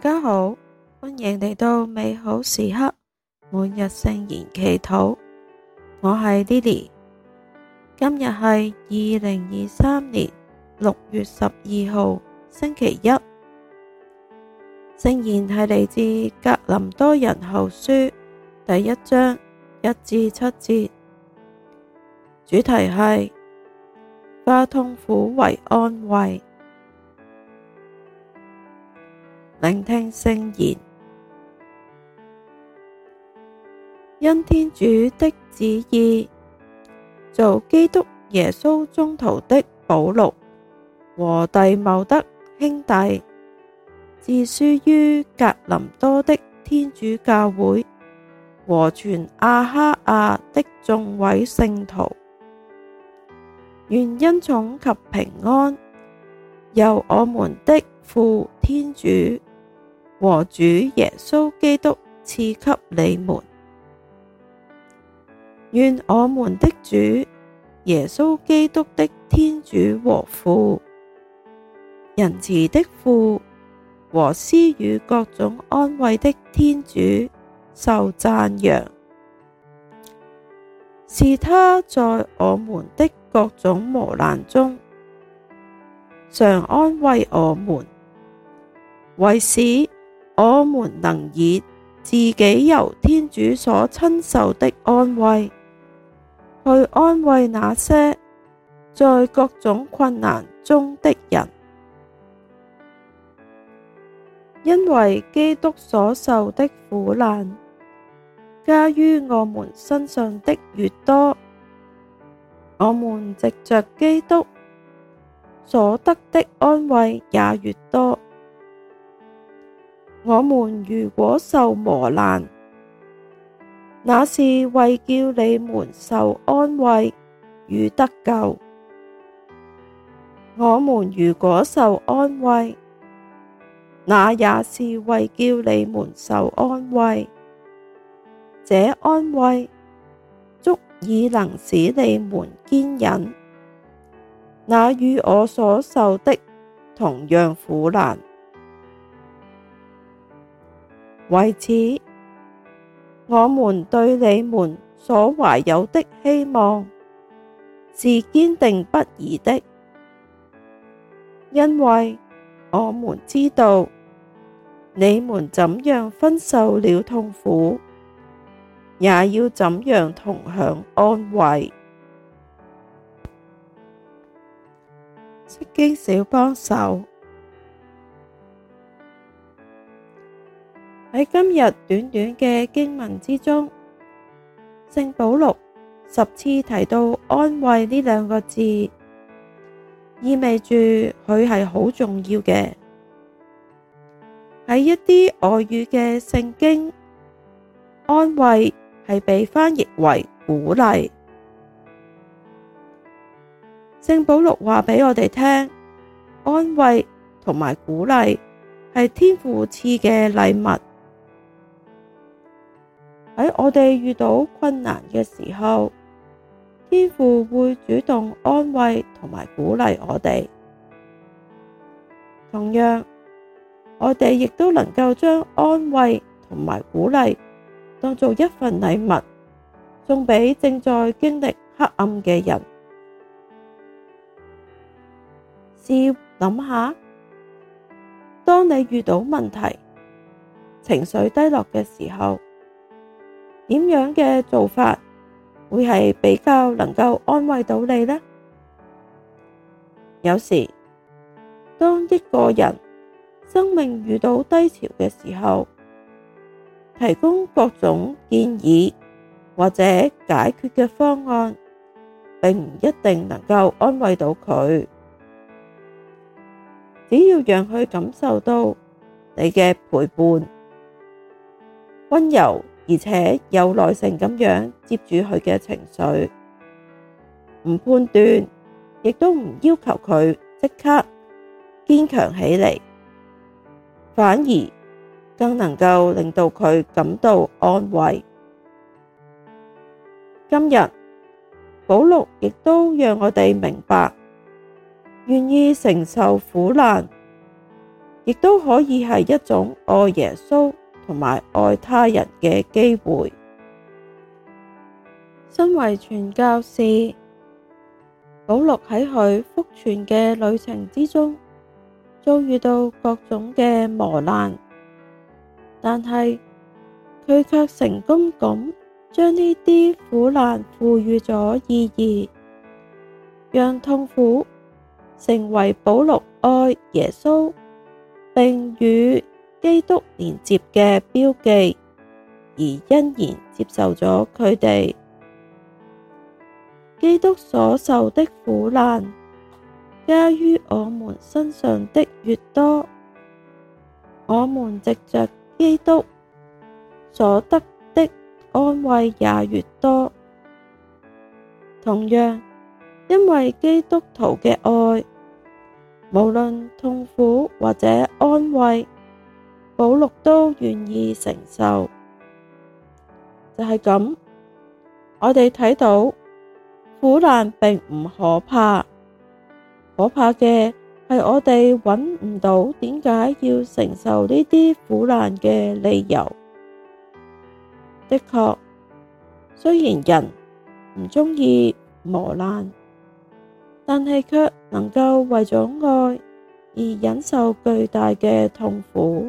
大家好，歡迎嚟到美好時刻，每日聖言祈禱。我係 Lily，今日係二零二三年六月十二號星期一。聖言係嚟自格林多人後書第一章一至七節，主題係化痛苦為安慰。聆聽聖言，因天主的旨意，做基督耶穌宗徒的保祿和弟茂德兄弟，致書於格林多的天主教會和全阿哈雅的眾位聖徒，願恩寵及平安，由我們的父天主。和主耶穌基督賜給你們。願我們的主耶穌基督的天主和父，仁慈的父和施予各種安慰的天主受讚揚。是他在我們的各種磨難中常安慰我們，為使我們能以自己由天主所親受的安慰，去安慰那些在各種困難中的人，因為基督所受的苦難加於我們身上的越多，我們藉着基督所得的安慰也越多。我們如果受磨難，那是為叫你們受安慰與得救；我們如果受安慰，那也是為叫你們受安慰。這安慰足以能使你們堅忍，那與我所受的同樣苦難。為此，我們對你們所懷有的希望是堅定不移的，因為我們知道你們怎樣分受了痛苦，也要怎樣同享安慰。識經小幫手。喺今日短短嘅經文之中，聖保祿十次提到安慰呢兩個字，意味住佢係好重要嘅。喺一啲外語嘅聖經，安慰係被翻譯為鼓勵。聖保祿話畀我哋聽，安慰同埋鼓勵係天父賜嘅禮物。喺我哋遇到困難嘅時候，天父會主動安慰同埋鼓勵我哋。同樣，我哋亦都能夠將安慰同埋鼓勵當作一份禮物，送俾正在經歷黑暗嘅人。試諗下，當你遇到問題、情緒低落嘅時候。點樣嘅做法會係比較能夠安慰到你呢？有時，當一個人生命遇到低潮嘅時候，提供各種建議或者解決嘅方案，並唔一定能夠安慰到佢。只要讓佢感受到你嘅陪伴，溫柔。而且有耐性咁樣接住佢嘅情緒，唔判斷，亦都唔要求佢即刻堅強起嚟，反而更能夠令到佢感到安慰。今日保祿亦都讓我哋明白，願意承受苦難，亦都可以係一種愛耶穌。同埋愛他人嘅機會。身為傳教士，保祿喺佢福傳嘅旅程之中，遭遇到各種嘅磨難，但係佢卻成功咁將呢啲苦難賦予咗意義，讓痛苦成為保祿愛耶穌，並與。基督連接嘅標記，而欣然接受咗佢哋。基督所受的苦難，加於我們身上的越多，我們藉着基督所得的安慰也越多。同樣，因為基督徒嘅愛，無論痛苦或者安慰。保祿都願意承受，就係、是、咁。我哋睇到苦難並唔可怕，可怕嘅係我哋搵唔到點解要承受呢啲苦難嘅理由。的確，雖然人唔中意磨難，但係卻能夠為咗愛而忍受巨大嘅痛苦。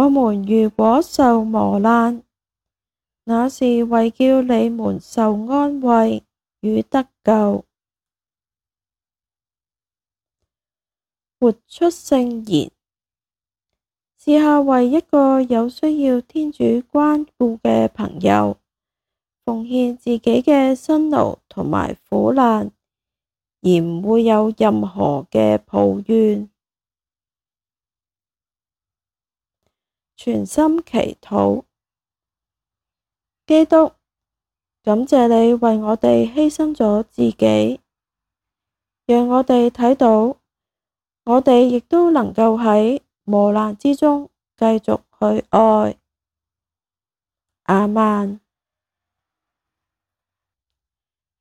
我們如果受磨難，那是為叫你們受安慰與得救。活出聖言。試下為一個有需要天主關顧嘅朋友，奉獻自己嘅辛勞同埋苦難，而唔會有任何嘅抱怨。全心祈禱，基督，感謝祢為我哋犧牲咗自己，讓我哋睇到，我哋亦都能夠喺磨難之中繼續去愛。阿曼，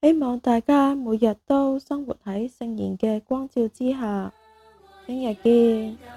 希望大家每日都生活喺聖言嘅光照之下。聽日見。